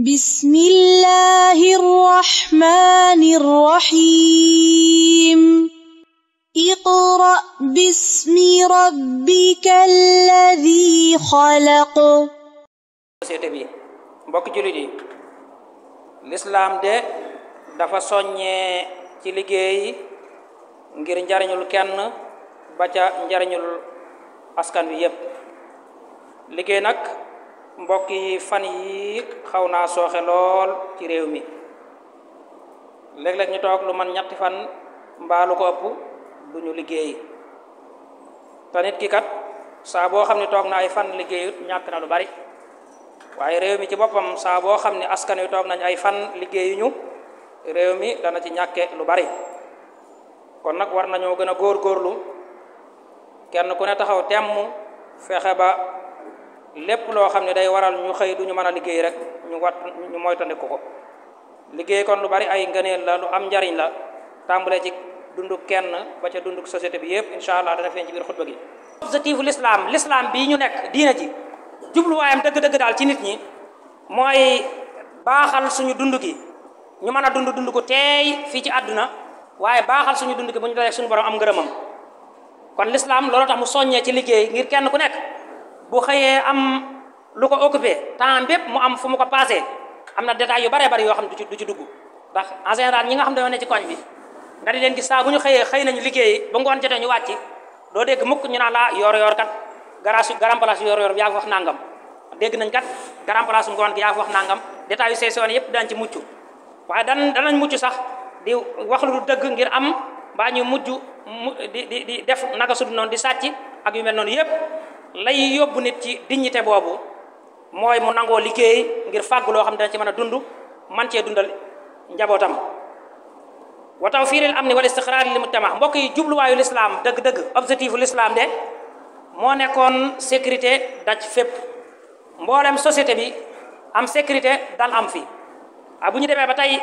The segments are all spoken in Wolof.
بسم الله الرحمن الرحيم اقرا باسم ربك الذي خلق سيتبي بوك جولي دي الاسلام دي دا فا سوني تي ليغي غير نجارنول كين با تا نجارنول اسكان وي ييب ليغي نك mbokk yi fan yi xaw naa sooxe lool ci réew mi léeg-léeg ñu toog lu man ñetti fan mbaa lu ko ëpp du ñu liggéey te ki kat saa boo xam ne toog na ay fan liggéeyut ñàkk lu bari waaye réew mi ci boppam saa xam ne askan wi toog nañ ay fan liggéeyuñu réew mi dana ci ñàkke lu bari kon nag war nañoo gën a góorgóorlu kenn ku ne taxaw temm fexe lépp loo xam ne day waral ñu xëy du ñu man a liggéey rek ñu wat ñu moytandiku ko liggéey kon lu bari ay ngëneel la lu am njariñ la tàmbale ci dund kenn ba ca dundu société bi yëpp incha allah dana feeñ ci xutba gi objectifu l'islam l'islam bii ñu nekk diina ci jubluwaayam dëgg-dëgg daal ci nit ñi mooy baaxal suñu dund ki ñu mën a dund dund ko teey fii ci àdduna waaye baaxal suñu dund ki bu ñu dajeek suñu borom am ngërëmam kon l'islam loolu tax mu soññee ci liggéey ngir kenn ku nekk bu xeye am lu ko occuper temps bepp mu am fu mu ko passer am na yu bare bare yo xam du ci du ci dugg ndax en général ñi nga xam dañoo ne ci koñ bi nga di leen gis saa buñu xeye xey nañu liggéeyi ba ngon jotté ñu wacc do deg mukk ñu naan la yor-yor kat garage garam place yor-yor yaa ngi wax nangam deg nañ kat garam place ngon gi yaa wax nangam detail yu session yep dañ ci mucc dan nañ muccu sax di wax lu deug ngir am ba ñu mujj di di di def naka su non di sàcc ak yu mel non yep lay yóbbu nit ci dignité boobu mooy mu nangoo liggéey ngir fàggu loo xam dana ci mën a dund man cee dundal njabootam wa tawfiiril amni wal istixraar li mujtama mbokk yi jubluwaayu lislaam dëgg-dëgg objectifu lislaam de moo nekkoon sécurité daj fépp mboolem société bi am sécurité dal am fi ah bu ñu demee ba tey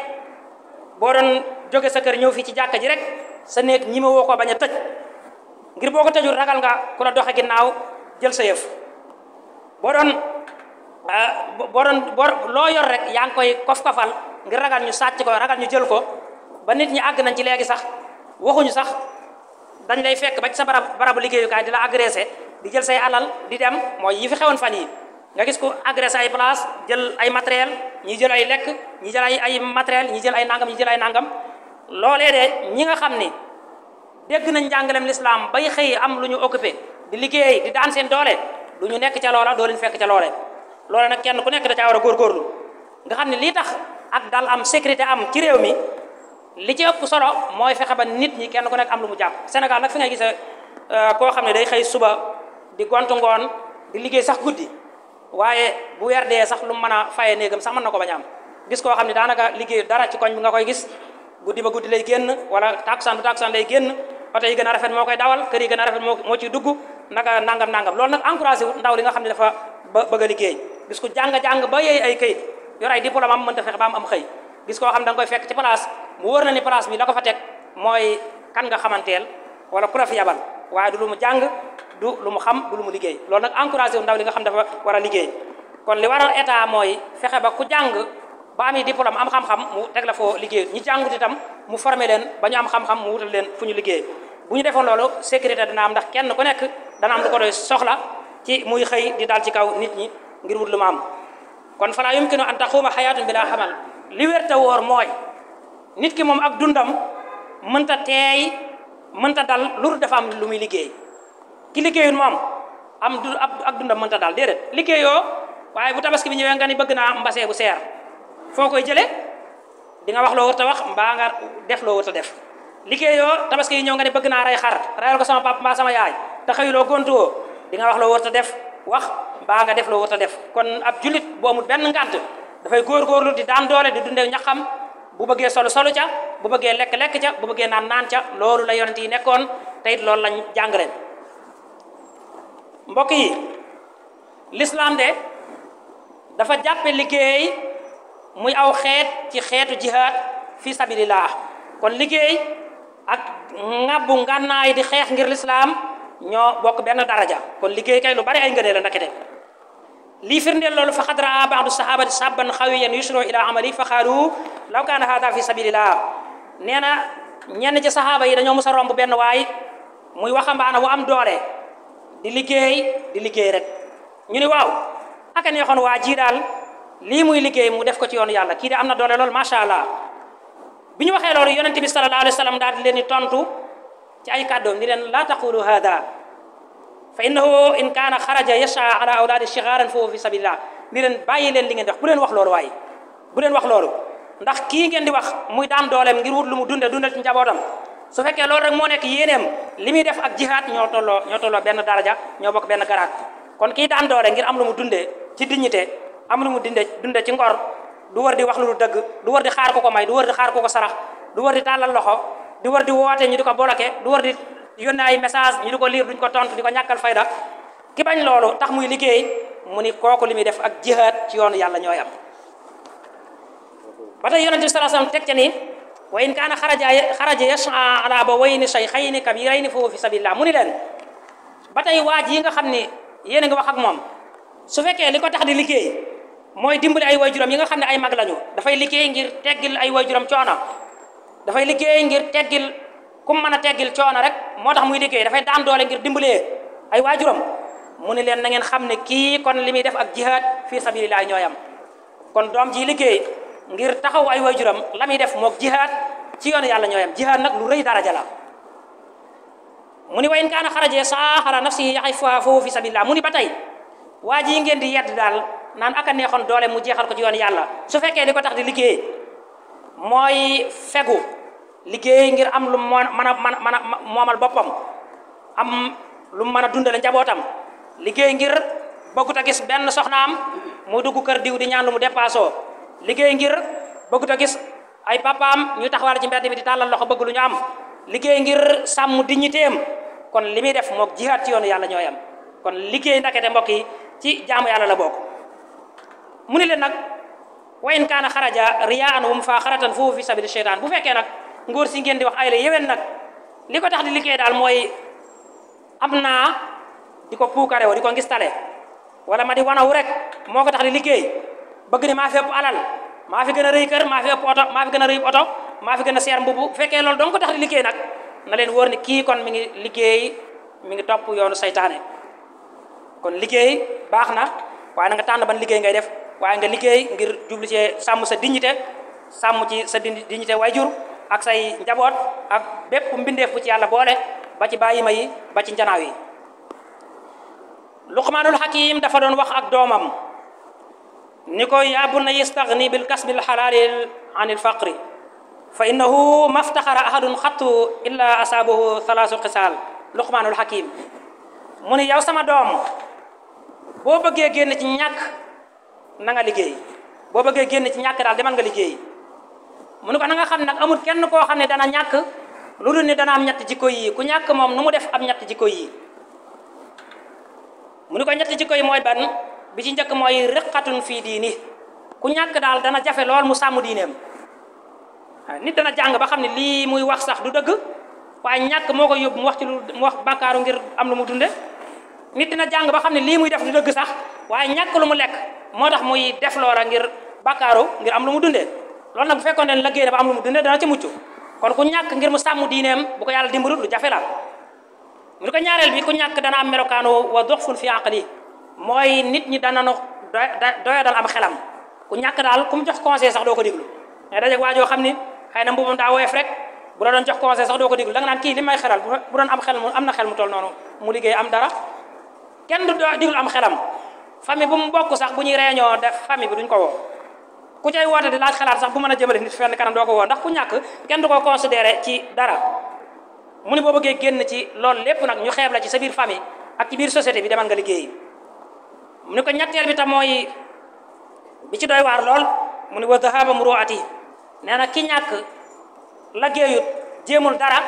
boo doon jóge sa kër ñëw fii ci jàkka ji rek sa néeg ñi woo ko bañ a tëj ngir boo ko tëjul ragal nga ku la doxe ginnaaw jël sa yëf boo ah, doon boo doon boo loo yor rek yaa ngi koy kof-kofal ngir ragal ñu sàcc ko ragal ñu jël ko ba nit ñi àgg nañ ci léegi sax waxuñu sax dañ lay fekk ba ci sa barab barabu liggéeyukaay di la agressé di jël say alal di dem mooy yi fi xewoon fan yi nga gis ko agressé ay place jël ay matériel ñi jël ay lekk ñi jël ay ay matériel ñi jël ay nangam ñi jël ay nangam loolee de ñi nga xam ni dégg nañ njàngalem l'islam bay xëy am lu ñu occupé di liggéey eh, di daan seen doole du ñu nekk ca loola doo leen fekk ca loole loola nag kenn ku nekk da caa war a góorgóorlu nga xam ne lii tax ak dal am sécurité am ci réew mi li ci ëpp solo mooy fexe ba nit ñi kenn ku nekk am lu mu jàpp Sénégal nag fi ngay gisee eh, koo xam ne day xëy suba di gontu ngoon di liggéey sax guddi waaye bu weer dee sax lu mën a faye néegam sax mën na ko bañ am gis koo xam ne daanaka liggéey dara ci koñ bi nga koy gis guddi ba guddi lay génn wala takusaan bu takusaan lay génn oto yi gën a rafet moo koy dawal kër yi gën a rafet moo ci dugg naka nangam nangam loolu nag encouragé wut ndaw li nga xam ne dafa ba a liggéey gis ku jàng-jàng ba yeey ay këyit yor ay diplôme am mënta fexe ba am am xëy gis koo xam da nga koy fekk ci place mu wóor na ni place bi ko fa mooy kan nga xamanteel wala ku la fi lu mu jàng du lu mu xam lu mu liggéey loolu nag encouragé wu ndaw nga xam dafa war a liggéey kon li waral état mooy fexe ba ku jàng ba am diplôme am xam mu teg la foo liggéey ñi jàngut itam mu formé leen ba ñu am xam-xam mu wutal leen fu ñu liggéey bu ñu defoon loolu sécurité dina am ndax kenn ku nekk dana am ko doy soxla ci muy xey di dal ci kaw nit ñi ngir wut lu am kon fala yumkinu an taxuuma hayatun bila hamal li werta wor moy nit ki mom ak dundam mënta teey mënta dal lu dafa am lu muy liggey ki liggeyul mom am du ak dundam mënta dal dedet liggeyo waye bu tabaski bi ñewé nga ni bëgg na mbassé bu seer fo koy jëlé di nga wax lo wërta wax mba nga def lo wërta def liggéeyoo tabaski yi ñëw nga ne bëgg naa ray xar rayal ko sama papa mbaa sama yaay te xëyuloo gontuwoo di nga wax loo warta def wax mbaa nga def loo warta def kon ab julit boo amul benn ngànt dafay góorgóorlu di daan doole di dundee ñaxam bu bëggee solo solu ca bu bëggee lekk-lekk ca bu bëggee naan naan ca loolu la yonent yi nekkoon te it loolu lañ jàngaleen mbokk yi l'islam de dafa jàppe liggéey muy aw xeet ci xeetu jihaad fi sabilillah kon liggéey ak ngabung ngànnaay kan di xex ngir l'islam ño bok ben daraja kon liggey kay lu bari ay ngeene la ndakete li firnde lolou fa khadra raa sahaba sabban xawiyan ila amali fa khalu law kana haada fi sabilillah neena ñen ci sahaba yi dañu musa romb benn waay muy waxambaana wu am doore di liggey di liggey rek ñu ni waw aka neexoon waa jii daal lii muy liggey mu def ko ci yoonu yalla ki de amna doole lol ma sha allah bi ñu waxee loolu yonente bi sallallahu alayhi wa sallam daal leen tontu ci ay kàddoom ni leen laa taqulu hada fa innahu in kaana xaraja yasha ala awlaadi shigaaran foofu fi sabilillah ni leen bàyyi leen li ngeen di bu leen wax loolu waaye bu leen wax loolu ndax kii ngeen di wax muy daan dooleem ngir wut lu mu dunde dundal ci njabootam su fekkee loolu rek moo nekk yéeneem li muy def ak jihaat ñoo tolloo ñoo benn daraja ñoo bokk benn garaat kon kii daan doole ngir am lu mu dundee ci dignité am lu mu dundee dundee ci ngor du war di wax lu deug du war di xaar ko ko may du war di xaar ko ko sarax du war di talal loxo du war di wote ñu diko ko bloqué du war di yónnee ay message ñu diko lire duñ ko tontu diko ñakkal fayda ki bañ lolu tax muy liggéey mu ni koku limi def ak jihad ci yoonu yalla ñoy am batay tey ci bi salaa sallam teg ca ni wa in kana kharaja kharaja ya-, yasha ala abawayni shaykhayni kabirayni fu fi sabilillah mu ni leen ba tey nga wax ak mom su fekke liko tax di liggéey mooy dimbali ay waajuram yi nga xam ne ay mag lañu dafay liggéey ngir teggil ay waajuram coono dafay liggéey ngir teggil ku mën a teggil coono rek moo tax muy liggéey dafay daan doole ngir dimbalee ay waajuram mu ne leen na ngeen xam ne kii kon li muy def ak jihaad fii sabilillah ñooyam kon doom ji liggéey ngir taxaw ay waajuram la muy def moog jihaad ci yoonu yàlla ñooyam jihaad nag lu rëy daraja la mu ni wayn kaana xaraje saaxara nafsi yaxay fa foofu fi sabilillah mu ni ba tey waa ji ngeen di yedd daal Nan aka neexon doole mu jeexal ko ci yoon yàlla su fekkee li tax di liggéey mooy fegu liggéey ngir am lu mën a mën a moomal boppam am lu mën a dundale njabootam liggéey ngir bëggut a gis benn soxnaam mu dugg kër diw di ñaan lu mu dépassoo liggéey ngir bëggut a gis ay papaam ñu taxawal ci mbedd bi di tàllal loxo bëgg lu ñu am liggéey ngir sàmm digniteem kon li muy def moog jihaat ci yoonu yàlla ñooy am kon liggéey ndakete mbokk yi ci jaamu yàlla la bokk mune nak, nak nag wayin kaana riyaan wum faa xaratan foofu fi sabil shaytan bu fekke nak ngor si ngeen di wax ay la yewen nak liko tax di likey dal moy amna diko di wo diko ngistale wala ma di wanaw rek moko tax di likey beug ni ma fi alal ma fi gëna a kër ma fi ëpp oto ma fi gëna a auto ma fi gëna mbubu bu lol donc dong tax di likey nak na len wor ni ki kon mi ngi likey mi ngi top yoonu shaytané kon likey baxna wa na nga tan ban likey ngay def waaye nga liggéey ngir jublu ci sàmm sa dignité sàmm ci sa dignité wayjur ak say njaboot ak bépp mbindeef bu ci yàlla boole ba ci bàyyima yi ba ci njanaaw yi luqmaanul hakim dafa doon wax ak doomam ni ko yaa bunna yastagni bil kasbi l xalaali an il faqri fa innahu maftaxara ahadun xattu illa asaabuhu thalaasu xisaal luqmaanul hakim mu ni yow sama doom boo bëggee génn ci ñàkk na nga liggéey boo bëggee génn ci ñàkk daal demal nga liggéey mu ne ko na nga xam nag amul kenn koo xam ne dana ñàkk lu dul ne dana am ñett jikko yi ku ñàkk moom nu mu def am ñett jikko yi mu ne ko ñett jikko yi mooy ban bi ci njëkk mooy riqatun fii diini ku ñàkk daal dana jafe lool mu sàmm diineem ah, nit dana jàng ba xam ne lii muy wax sax du dëgg waaye ñàkk moo koy yóbbu mu wax ci lu mu wax bàkkaaru ngir am lu mu dunde nit dina jàng ba xam ne lii muy def du dëgg sax waaye ñàkk lu mu lekk motax tax muy def lora ngir bakkaaru ngir am lu mu dundé lool nak bu fekkoon ne liggéey dafa am lu mu dundé dana ci muccu kon ku ñak ngir mu sàmm diinem bu ko yalla dimbalut lu jafé la mu ko ñaarel bi ku ñak dana am wa fi aqli moy nit ñi dana no doya dal am xelam ku ñak dal kum jox conseil sax do ko diglu ngay dajeeg waajoo xam ni xëy na mbubam daa woyof rek bu la doon jox conseil sax do ko diglu da nga nan ki limay may bu doon am xel mu am xel mu toll nonu mu liggéey am dara kenn du diglu am xelam Fami bu mu bokk sax bu ñuy réunion def fami bi duñ ko wo ku cay woote di laaj xalaat sax bu mën jëmele nit fenn kanam do ko wo ndax ku ñak kenn du ko considérer ci dara mu ni bo bëggee génn ci lool lépp nag ñu xeeb la ci sa biir fami ak ci biir société bi demal nga liggéey mu ni ko ñetteel bi tam mooy bi ci doy waar lool mu ni wa dhahaba muruati neena ki ñak la geeyut jéemul dara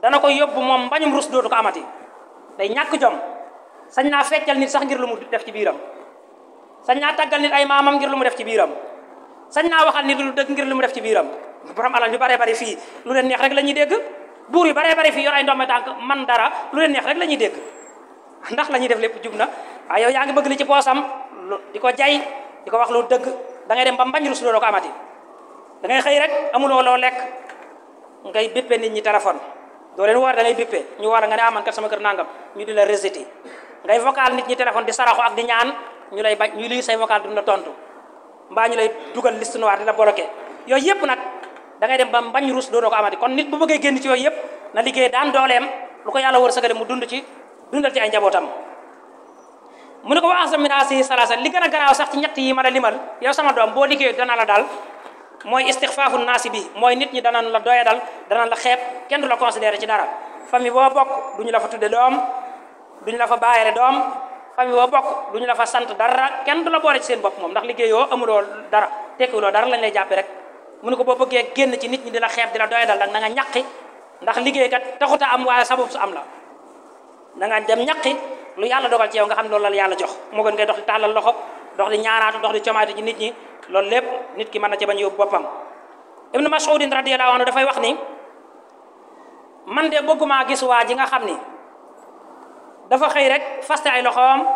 dana ko yóbbu moom mbañum rus dootu ko amati day ñak jom sañ naa feccal nit sax ngir lu mu def ci biiram sañ naa tàggal nit ay maamam ngir lu mu def ci biiram sañ naa waxal nit lu dëgg ngir lu mu def ci biiram borom alal yu bare bare fii lu leen neex rek la ñuy dégg buur yu bare bare fii yor ay ndomme tànk man dara lu leen neex rek la ñuy dégg ndax la ñuy def lépp jub na waaye yow yaa ngi bëgg li ci poosam di ko jay di ko wax lu dëgg da ngay dem ba mbañ rusu doo ko amati da ngay xëy rek amuloo loo lekk ngay bippé nit ñi téléphone do leen war da ngay bippé ñu war nga ne aman ah, kat sama kër nangam ñu di la rejeté ngay vocal nit ñi téléphone di saraxu ak di ñaan ñu lay bañ ñu li say vocal du la tontu mba ñu lay duggal liste noire di la bloqué yooyu yëpp da ngay dem ba mbañ do do ko amati kon nit bu bëggé genn ci yoy yépp na liggéey daan dooleem lu ko yalla wërsegalé mu dund ci dundal ci ay njabotam mu ne ko asam min asih salasa li gëna a sax ci ñett yi ma la limal yow sama doom bo liggéey dana la dal moy istixfaafu naasi bi mooy nit ñi dana la doyadal dana la xép kenn du la considérer ci dara fami bo bok duñu la fa tuddé doom duñ la fa bàyyile dom fami boo bok duñ la fa sante dara kenn du la boole ci seen bop mom ndax amu do dara tekkiwuloo dara lañ lay jappé rek mu ne ko bo bëggee génn ci nit ñi di la xeeb di la doy dal nak na nga ñaqi ndax liggéey kat taxut ta am waaye sabab su am la na nga dem ñaqi lu yàlla dogal ci yow nga xam loolu la yàlla jox mo gën ngay dox di tàllal loxo dox di ñaanaatu dox di comaatu ci nit ñi loolu lépp nit ki mën na ci bañ yóbbu boppam ibnu mas'udin radiyallahu anhu dafay wax ni man de bëgguma gis waa ji nga xam ni dafa xey rek faste ay loxom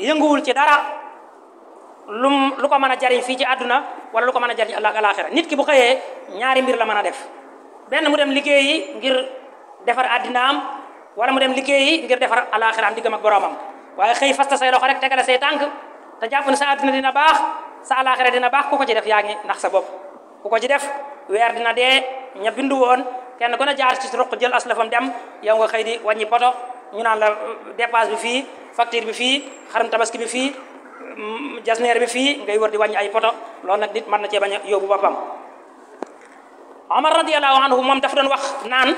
yënguwul ci dara lum lu ko meuna a jariñ fi ci aduna wala lu ko jariñ Allah al-akhirah nit ki bu xeye ñaari mbir la meuna def ben mu dem liggéeyi ngir defar adinaam wala mu dem liggéeyi ngir defar alaaxiraam digam ak boromam waye xey fasta say loxo rek tegal say tank ta jàpp sa aduna dina bax sa al-akhirah dina bax ku ko ci def yaangi nax sa bop ku ko ci def weer dina de ña bindu kenn ko na jaar ci ruq jël aslafam dem yow nga xëy di wàññi poto ñu naan la euh, dépasse bi fii facture bi fii xaram tabaski bi fii mm, jasneer bi fii ngay wër di wàññi ay poto loolu nag nit mën na cee bañ a yóbbu boppam omar radiallahu anhu moom dafa doon wax naan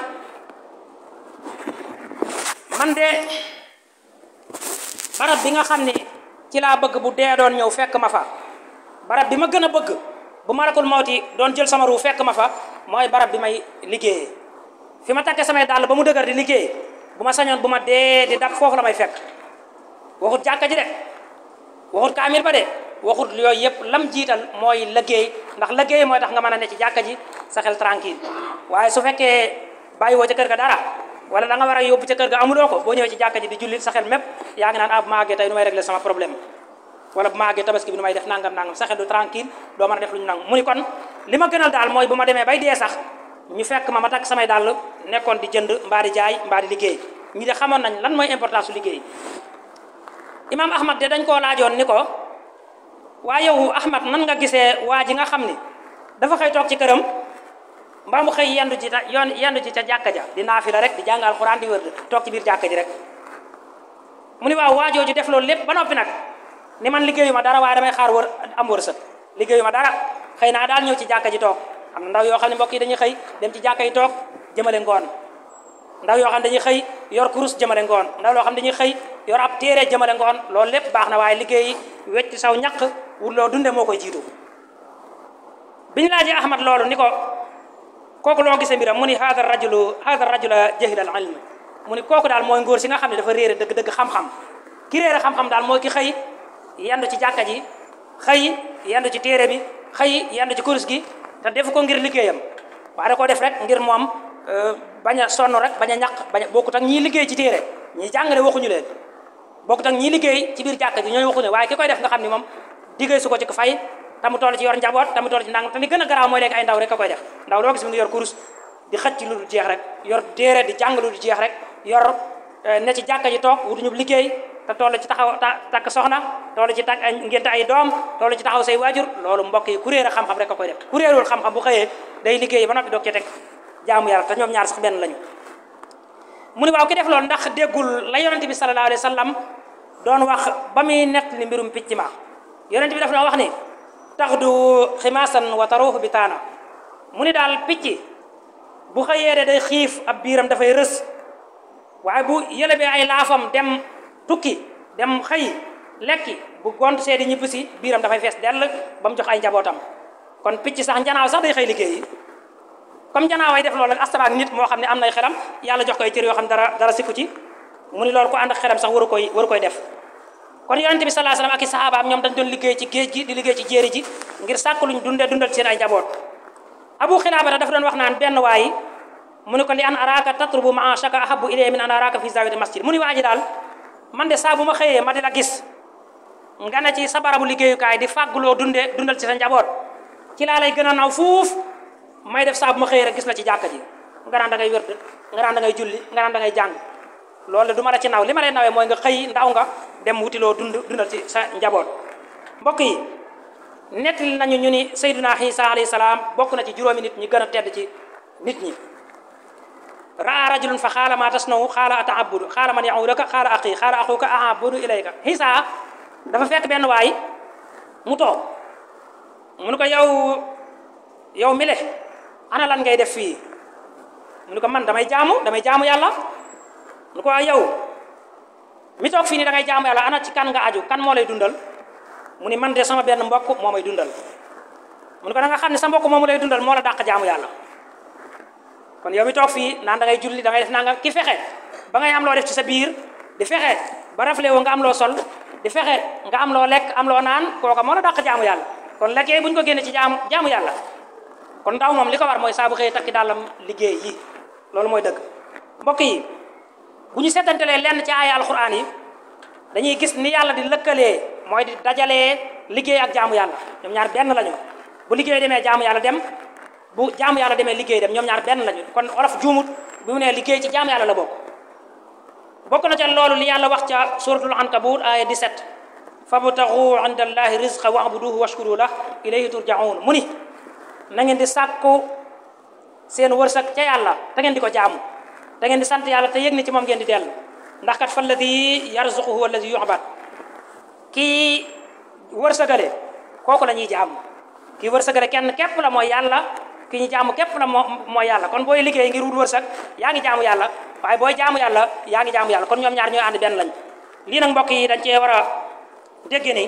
man de barab bi nga xam ne ci laa bëgg bu dee doon ñëw fekk ma fa barab bi ma gën bëgg bu malakul mawti doon jël sama ruu fekk ma fa mooy barab bi may liggéeyee fi ma takkee samay dàll ba mu dëgër di liggéey Buma sañon buma de de dee di la may fekk waxut jakka ji de waxut kamil ba de waxut yoy lam jital moy liggéey ndax liggéey moy tax nga mëna jakaji ne ci jakka ji sa xel tranquille waye su bayiwo ci kër ga dara wala da nga wara yobbu ci kër ga amulo ko bo ñëwee ci jakka ji di julit sa xel ya nga naan ab ah, ma nu may régler sama problème wala bu ma tabaski bi nu may def nangam nangam sa xel du tranquille do mëna def lu ñu nang mu kon lima gënal daal moy buma démé bay dé sax ñu fekk ma ma tak samay dal nekkon di jënd mbaari jaay mbaari liggéey ñi de xamoon nañ lan mooy importance liggéey imam ahmad de dañ koo laajoon ni ko waa ahmad nan nga gisee waa ji nga xam ni dafa xëy toog ci këram mbaa mu xëy yendu ci ci ca jàkka ja di naafila rek di jàng Quran di wër toog ci biir jàkka ji rek mu ni waaw waa jooju def loolu lépp ba noppi nag ni man liggéeyuma dara waaye damay xaar wër am wërsëg liggéeyuma dara xëy naa daal ñëw ci jàkka ji toog am na ndaw yoo xam ne mbokk yi dañuy xëy dem ci jàkka yi toog jëmale ngoon ndaw yoo xam ne dañuy xëy yor kurus jëmale ngoon ndaw yoo xam ne dañuy xëy yor ab téere jëmale ngoon loolu lépp baax na waaye liggéeyi wecc saw ñàq wut loo dunde moo koy jiitu biñu laajee ahmad loolu ni ko kooku loo gisee mbiram mu ni haada rajulu haada rajula jahila al ilm mu ni kooku daal mooy ngóor si nga xam ne dafa réere dëgg-dëgg xam-xam ki réere xam-xam daal mooy ki xëy yendu ci jàkka ji xëy yendu ci téere bi xëy yendu ci kurus gi te kan def ko ngir liggéeyam waaye da ko def rek ngir mu am euh, baña a rek baña ñak baña bokku tak ñi ak liggéey ci téré ñi jàngale waxuñu leen bokku tak ñi liggéey ci biir jàkk ji waxu ne waaye ki koy def nga xamni mom moom su ko ci fay tamu toll ci yor njabot tamu toll ci ndàng te gëna graw moy garaaw ay ndaw rek koy def ndaw do gis mu yor kurus di xëcc lu jeex rek yor téré di jàng lu jeex rek yor euh, ne ci jàkka ji toog wutuñu liggéey ta toll ci taxaw tak soxna toll ci tak ah. ngénte ay dom toll ci taxaw say wajur loolu mbokk yi kuréel a ah, xam-xam rek koy def kuréelul xam-xam bu xeye ya. day liggey ba nopi doog ci tek jaamu yalla ta ñom ñaar sax ben lañu mu ni waaw ki def loolu ndax degul la yaronte bi sallallahu alayhi wasallam doon wax ba muy nett mbirum picc ma bi daf wax ni tax khimasan wa taruhu bitana taana mu ni daal picc bu xëyee day xif ab da fay reus waaye bu yëlebee ay lafam dem tukki dem xëy lekki bu gont see di ñibbi si biiram dafay fees dell ba mu jox ay njabootam kon picc sax njanaaw sax day xëy liggéeyi comme njanaaw ay def loolu ak astaraak nit moo xam ne am nay xelam yàlla jox koy cër yoo xam dara dara sikku ci mu ni loolu ko ànd ak xelam sax waru koy waru koy def kon yonente bi salaa salaam ak i saxaabaam ñoom dañ doon liggéey ci géej gi di liggéey ci jéeri ji ngir sàkk luñ dundee dundal seen ay njaboot abu xilaabata dafa doon wax naan benn waayi mu ni ko li waa ji daal man de sa buma xeye ma di gis nga ne ci sa barabu liggéeyukaay di fàgguloo dunde dundal ci sa njaboot ci laa lay gën a naw fuuf may def sa buma ma rek gis na ci jàkka ji nga naan da ngay wérd nga naan da ngay julli nga naan da ngay jàng loolu duma la ci naw li ma lay nawee mooy nga xëy ndaw nga dem wutiloo dund dundal ci sa njaboot mbokk yi nettali nañu ñu ni Seydina alayhi salaam bokk na ci juróomi nit ñi gën tedd ci nit ñi ra'a rajulun fa khala ma tasnu khala ata'abbudu khala man ya'uduka khala akhi khala akhuka a'abbudu ilayka Hisa dafa fek ben way mu to mu ne ko yow yow mile ana lan ngay def fi mu ne man damay jamu damay jamu yalla mu yow mi jamu yalla ana ci kan nga aju kan mo lay dundal mu ni man de sama ben mbokk momay dundal mu ne da nga xamni sa mbokk dundal mo la dak jamu yalla kon yow mi toog fii naan da ngay julli da ngay def nangam ki fexe ba ngay am loo def ci sa biir di fexe ba rafle wo nga am loo sol di fexe nga am loo lekk am loo naan kooka moo la dàq jaamu yàlla kon lekkee buñ ko génne ci jaamu jaamu yàlla kon ndaw moom li ko war mooy saa bu xëyee takki dàllam liggéey yi loolu mooy dëgg mbokk yi bu ñu seetantelee lenn ci aaya alxuraan yi dañuy gis ni yàlla di lëkkalee mooy di dajalee liggéey ak jaamu yàlla ñoom ñaar benn lañu bu liggéey demee jaamu yàlla dem bu jaamu yàlla demee liggéey dem ñoom ñaar benn lañu kon olof juumut bi mu nee liggéey ci jaamu yàlla la bokk bokk na ca loolu li yàlla wax ca suratul ankabut aya 17 fabtaxu inda allahi rizqa wa'buduhu washkuru lah ilayhi turja'un mu ni na ngeen di sàkku seen wërsëg ca yàlla te ngeen di ko jaamu te ngeen di sant yàlla te yëg ni ci moom ngeen di dellu ndax kat fa alladi yarzuqu huwa alladi yu'bad kii wërsëgale kooku la ñuy jaamu kii wërsëgale kenn képp la mooy yàlla ki ñu jaamu képp na moo mooy yàlla kon booy liggéey ngir wut wërsëg yaa ngi jaamu yàlla waaye booy jaamu yàlla yaa ngi jaamu yàlla kon ñoom ñaar ñooy ànd benn lañ lii nag mbokk yi dañ cee war a dégg ni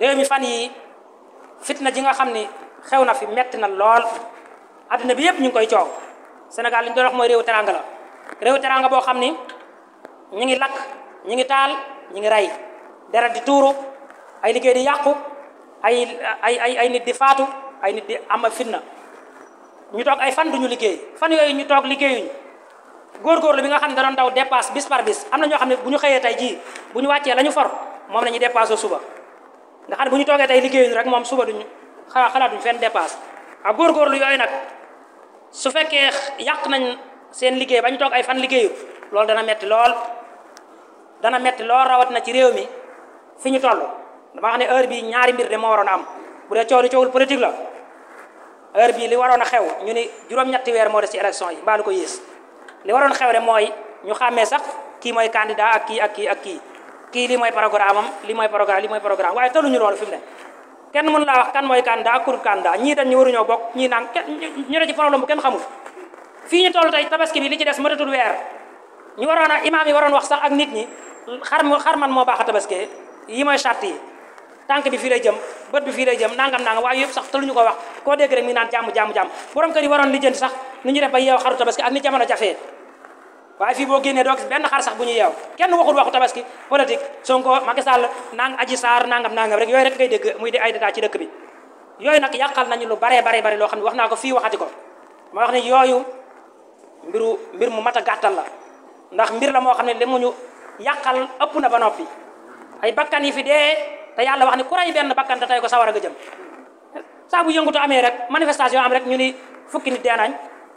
réew mi fan yi fitna ji nga xam ni xew na fi metti na lool addina bi yëpp ñu ngi koy coow Sénégal li ñu mooy réew teranga la réewu teranga boo xam ni ñu ngi lakk ñu ngi taal ñi ngi rey deret di tuuru ay liggéey di yàqu ay ay nit di faatu ay nit di am fitna ñu toog ay fan duñu liggéey fan yooyu ñu toog liggéeyuñ góorgóorlu bi nga xam ne danoon daw dépasse bis par bis am na ñoo xam ne bu ñu xëyee tey jii bu ñu wàccee la ñu for moom la dépasse suba nga xam ne bu ñu toogee tey liggéeyuñ rek moom suba duñu xala xalaatuñ fenn dépasse ak góorgóorlu yooyu nag su fekkee yàq nañ seen liggéey ba ñu toog ay fan liggéeyu loolu dana metti lool dana metti lool rawat na ci réew mi fi ñu toll dama wax ne heure bi ñaari mbir de moo waroon am bu dee coow li coowul politique la heure bii li waroon a xew ñu ni juróom-ñetti weer moo des ci élection yi mbaa lu ko yées li waroon xew ne mooy ñu xàmmee sax kii mooy candidat ak kii ak kii ak kii kii lii mooy programme am lii mooy programme li mooy programme waaye tolluñu loolu fi mu ne kenn mën laa wax kan mooy candidat ak kurub ñii dañ ñu waruñoo bokk ñii naan kenn ñu ne ci problème bu kenn xamul fii ñu toll tey tabaski bi li ci des matatul weer ñu waroon a imaam yi waroon wax sax ak nit ñi xar xar man moo baax a tabaski yi mooy tank bi fi lay jëm bët bi fi lay jëm nangam nangam waaye yëpp sax te luñu ko wax ko dégg rek mi naan jamm jamm jamm borom kër yi waroon jënd sax ni ñu def ba yeew xaru tabaski ak ni jamono jafee waaye fi bo génné doo gis benn xar sax bu ñu kenn waxul waxu tabaski politique Sonko Macky Sall nang aji sar nangam nangam rek yoy rek ngay dégg muy di ay data ci dëkk bi yoy nak yakal nañu lu bare bare bare lo xamni waxna ko fi waxati ko ma wax ni yoyu mbiru mbir mu mata a la ndax mbir la mo xamni lemuñu yakal ëpp na ba nopi ay bakkan yi fi dee te yalla wax ni ku ray ben bakkan te tey ko sawara ga jëm sa bu yëngutu amé rek manifestation am rek ñu ni fukki nit dee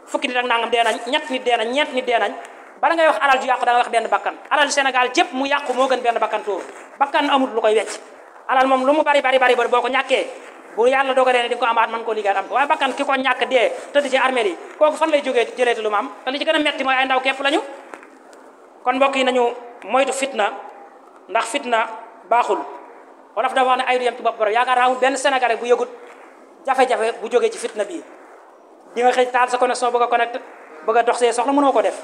fukki nit ak nangam dee ñet nit jep ñet nit dee nañ bala ngay wax alal ju yaq da nga wax ben bakkan alal Sénégal jëpp mu yaq mo gën ben bakkan tóor bakkan amul lu koy wécc alal mom lu mu bari bari bari bari boo ko bu yalla dogalee ne di ko amaat man ko liggéeyal am ko way bakkan kiko ñak ñàkk te ci armée yi koku fan lay jógee jëleete lu ma am te li ci gëna metti moy ay ndaw képp lañu kon mbokk yi nañu moytu fitna ndax fitna baxul wala dafa wax ne yam ci bopp borom yaakaar naa amul benn sénégalais bu yëgut jafe-jafe bu jógee ci fitna bii di nga xëy taal sa connexion bëgg a connecté bëgg a dox see soxla mënoo ko def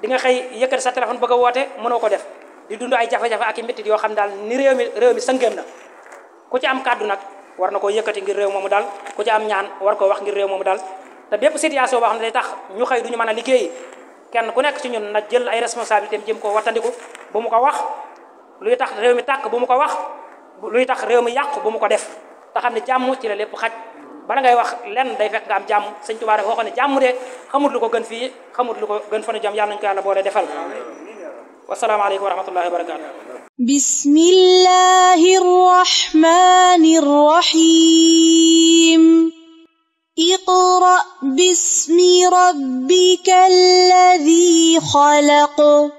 di nga xëy yëkkati sa téléphone bëgg a woote mënoo ko def di dund ay jafe-jafe ak i méttit yoo xam daal ni réew mi réew mi sëngéem na ku ci am kàddu nag war na koo yëkkati ngir réew moomu dal ku ci am ñaan war koo wax ngir réew moomu dal te bépp situation boo xam ne day tax ñu xëy duñu mën a liggéey kenn ku nekk ci ñun na jël ay responsabilité jëm koo wattandiku bu mu ko wax luy tax réew mi tàkk bu mu ko wax luy tax rew mi yàqu bu mu ko def te xam ne jàmm ci la lépp xaj bala ngay wax len day fekk nga am jàmm sëñ Tuubaa dafa waxoon ne jàmm de xamut lu ko gën fii xamut lu ko gën fa nu jàmm yàlla nañu ko yàlla boole defal wasalaamaaleykum wa rahmatullahi wa barakaatu. bismillahi rahmaani rahim. اقرأ باسم ربك الذي خلق